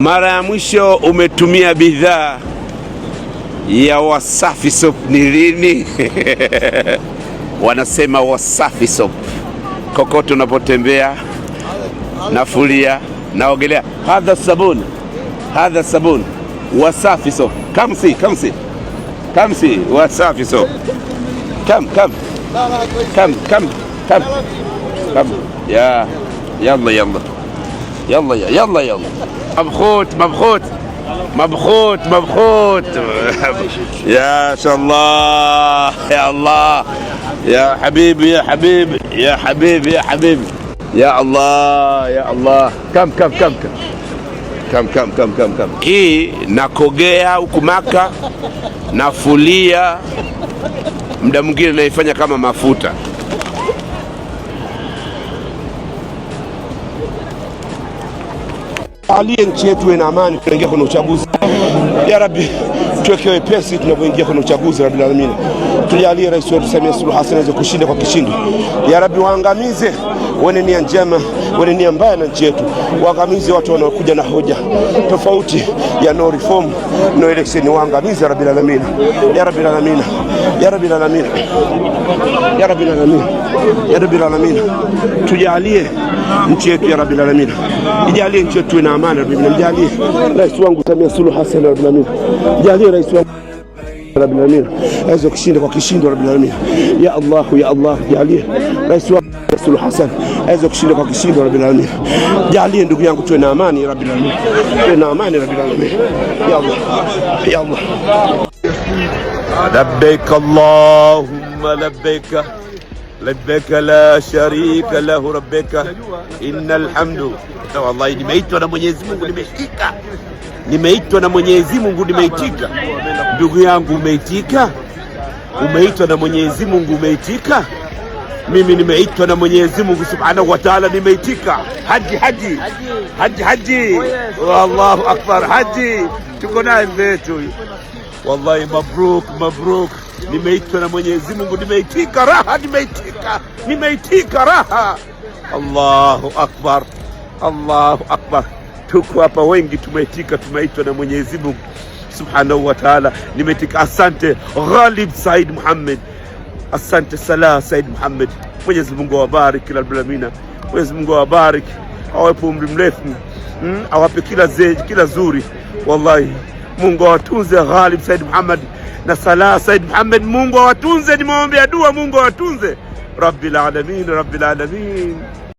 Mara ya mwisho umetumia bidhaa ya Wasafi Soap ni lini? Wanasema Wasafi Soap kokote unapotembea, nafulia, naogelea, hadha sabuni, hadha sabuni, Wasafi Soap. Come see, come see, come see, Wasafi Soap. Come, come, come, come, come, come. Yeah, yalla yalla. يلا يلا يلا يلا مبخوت مبخوت مبخوت مبخوت يا شاء الله يا الله يا حبيبي يا حبيبي يا حبيبي يا حبيبي يا الله يا الله كم كم كم كم كم كم كم كم كم كم كم كم كم كم كم كم كم كم كم alie nchi yetu ina na amani, tunaingia kwenye uchaguzi. Ya Rabbi, tuweke wepesi tunapoingia kwenye uchaguzi. Rabbil alamin, tujalie rais wetu Samia Suluhu Hassan aweze kushinda kwa kishindo. Ya Rabbi, waangamize wenye nia njema wenye nia mbaya na nchi yetu, waangamize watu wanaokuja na hoja tofauti ya no reform no election, waangamize. Ya rabbil alamin, ya rabbil alamin, ya rabbil alamin, ya rabbil alamin, ya rabbil alamin, tujalie nchi yetu ya rabbil alamin, ijalie nchi yetu ina amani. rabbil alamin, Mjalie rais wangu Samia Suluhu Hassan, rabbil alamin, jalie rais wangu rabbil alamin aweze kushinda kwa kishindo, rabbil alamin. Ya Allah, ya Allah, jalie rais wangu Suluhu Hassan aweze kushinda kwa kishindo, rabbil alamin. Jalie ndugu yangu, tuwe na amani rabbil alamin, tuwe na amani rabbil alamin. Ya Allah, ya Allah. Labbaik Allahumma labbaik labbaik la sharika lahu rabbik innal hamdu. Wallahi nimeitwa na Mwenyezi Mungu, nimeshika, nimeitwa na Mwenyezi Mungu, nimeitika. Ndugu yangu, umeitika? Umeitwa na Mwenyezi Mungu, umeitika? Mimi nimeitwa na Mwenyezi Mungu Subhanahu wa Ta'ala, nimeitika haji haji haji haji, wallahu akbar, haji. Tuko naye mzetu wallahi. Mabruk, mabruk, nimeitwa na Mwenyezi Mungu, nimeitika raha, nimeitika, nimeitika raha. Allahu akbar, Allahu akbar. Tuko hapa wengi, tumeitika, tumeitwa na Mwenyezi Mungu Subhanahu wa Ta'ala, nimeitika. Asante Ghalib Said Muhammad. Asante Salah Said Muhammad, Mwenyezi Mungu awabariki kila blamina, Mwenyezi Mungu awabariki, awape umri mrefu mm, awape kila ze, kila zuri. Wallahi Mungu awatunze Ghalib Said Muhammad na Salah Said Muhammad, Mungu awatunze. ni ya dua, Mungu awatunze. Rabbil alamin, rabbil alamin.